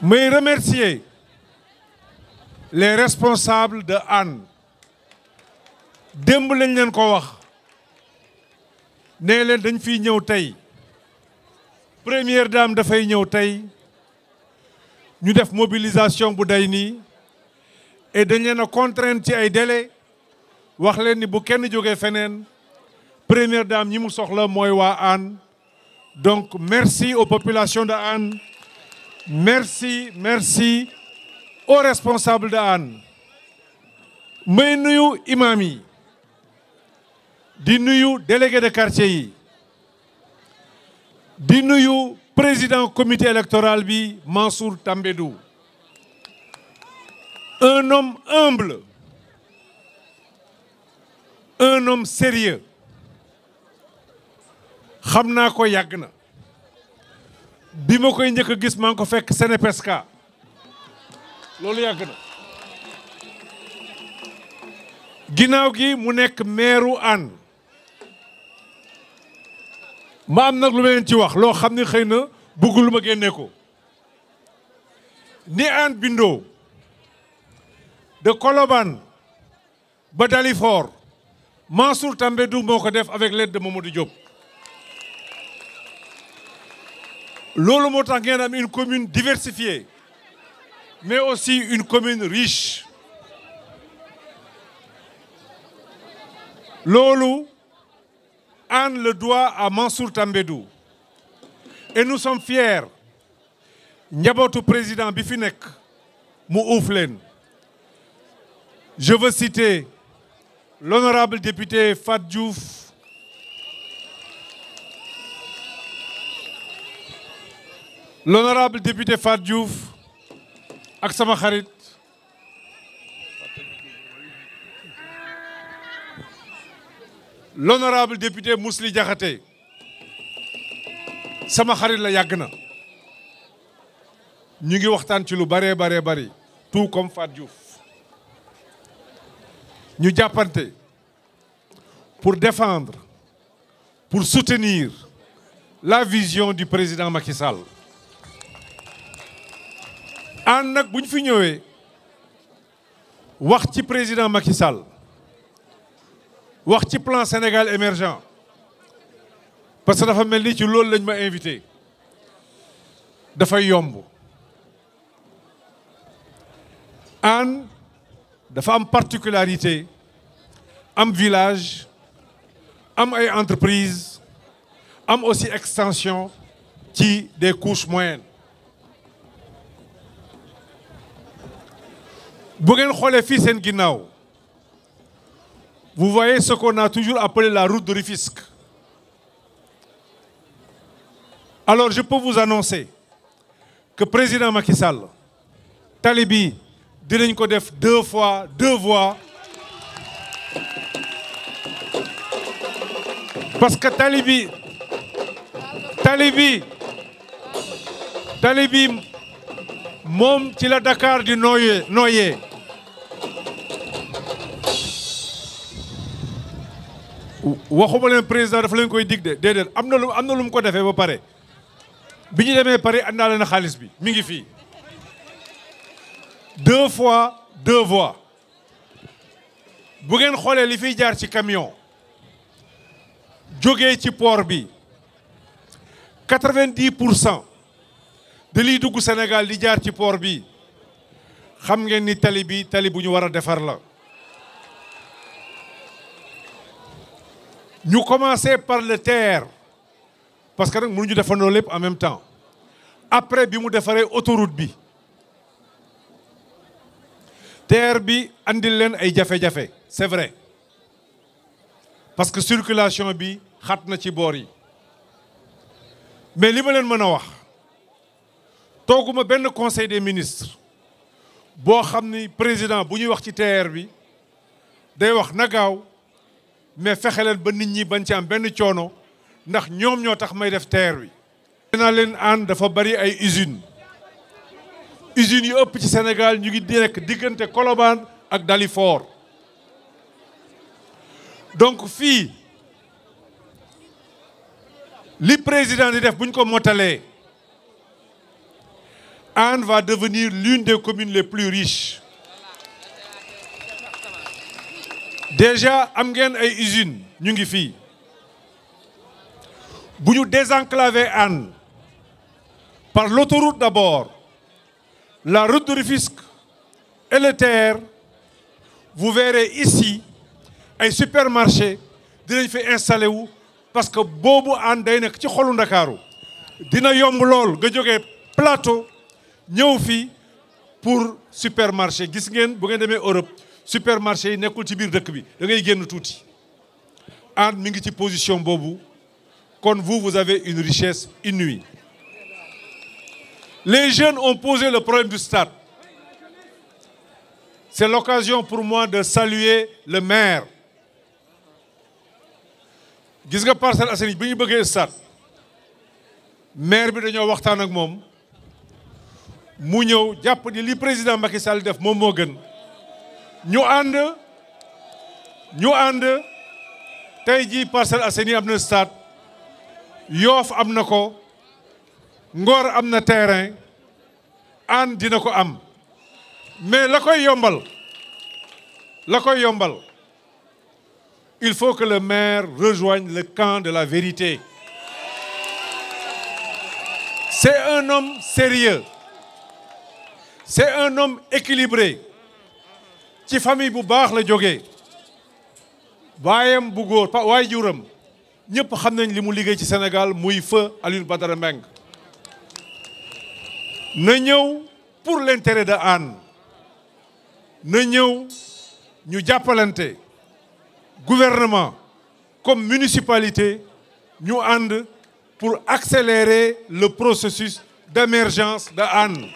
may remercier les responsables de Hann démb lañ leen ko wax nee leen dañ fiy ñëw tey première dame dafay ñëw tey ñu def mobilisation bu day nii et dañ leen a contraindre ci ay délai wax leen ni bu kenn jógee feneen première dame ñi mu soxla mooy waa Hann donc merci aux populations de Hann merci merci aux responsables de Hann may nuyu imam yi di nuyu délégué de quartier yi di nuyu président comité électoral bi Mansour Tambédou un homme humble un homme sérieux xam naa ko yàgg na bi ma koy njëkk a gis maa ngi ko fekk Senepesca loolu yàgg na ginnaaw gi mu nekk meeru Hann ma am nag lu ma ci wax loo xam ne xëy na bëggul ma génnee ko ni Hann bindoo de Colobane ba Dalifort Mansour Tambédou moo ko def avec l'aide de di Diop loolu moo tax ngeen une commune diversifiée mais aussi une commune riche loolu Anne le doit à Mansour Tambédou et nous sommes fiers njabootu président bi fi nekk mu ouflen leen je veux citer l'honorable député Fat Diouf l'honorable député Fat Diouf ak sama xarit l'honorable député Mousli Diakhaté sama xarit la yàgg na ñu ngi waxtaan ci lu bëree baree bëri tout comme Fat Diouf ñu jàppante pour défendre pour soutenir la vision du président Macky Sall ànd nag bu ñu fi ñëwee wax ci président Macky Sall wax ci plan Sénégal émergent parce que dafa mel ni ci loolu lañ ma invité dafay yomb Hann dafa am particularité am village am ay entreprise am aussi extension ci des couches moyennes bu ngeen xoolee fii seen ginnaaw vous voyez ce qu'on a toujours appelé la route de Rufisque alors je peux vous annoncer que président Macky Sall tali bi dinañ ko def deux fois deux voies parce que tali bi tali bi tali bi moom ci la Dakar di nooyee nooyee waxuma leen président dafa leen koy dig de déedéet am na lu am na lu mu ko defee ba pare bi ñu demee pare ànd naa leen xaalis bi mu ngi fii deux fois deux voies bu ngeen xoolee li fiy jaar ci camion jógee ci poor bi quatre vingt pour cent de liy dugg Sénégal di jaar ci poor bi xam ngeen ni tali bi tali bu ñu war a defar la ñu commencer par le TER parce que nag mënuñu defandoo lépp en même temps après bi mu defaree autoroute bi TER bi andil leen ay jafe-jafe c'est vrai parce que circulation bi xat na ci boor yi mais li ma leen mën a wax tooguma benn conseil des ministres boo xam ni président bu ñuy wax ci TER bi day wax na gaaw mais fexe leen ba nit ñi bañ ci am benn coono ndax ñoom ñoo tax may def terre wi. naa leen aan dafa bari ay usines usines yu ëpp ci Sénégal ñu ngi nekk diggante Colobane ak Dalifort donc fii li président di def buñ ko mottalee Hann va devenir l'une des communes les plus riches déjà am ngeen ay usines ñu ngi fii bu ñu des désenclaver Hann par l'autoroute d'abord la route de Rufisque et le TER ici ay supermarché dinañ fi installé wu parce que boobu Hann day nekk ci xolu Ndakaaru dina yomb lool nga jógee plateau ñëw fii pour supermarché gis ngeen bu ngeen demee Europe supermarché yi nekkul ci biir dëkk bi dangay génn tuuti ànd mi ngi ci position boobu kon vous vous avez une richesse inouïe les jeunes ont posé le problème du stade c'est l'occasion pour moi de saluer le maire gis nga Parcelles Assainies bi ñu bëggee stade maire bi dañoo waxtaan ak moom mu ñëw jàpp ni li président Macky Sall def moom moo gën ñu ànd ñu ànd tey jii Parcelles Assainies am na stade Yoff am na ko Ngor am na terrain Hann dina ko am mais la koy yombal la koy yombal il faut que le maire rejoigne le camp de la vérité c'est un homme sérieux c'est un homme équilibré ci famille bu baax la jógee baayam bu góor pa waay juram ñëpp xam nañ li mu liggéey ci Sénégal muy feu Alioune Badara Mbengue na ñëw pour l'intérêt de Hann na ñëw ñu jàppalante gouvernement comme municipalité ñu ànd pour accélérer le processus d'émergence de Hann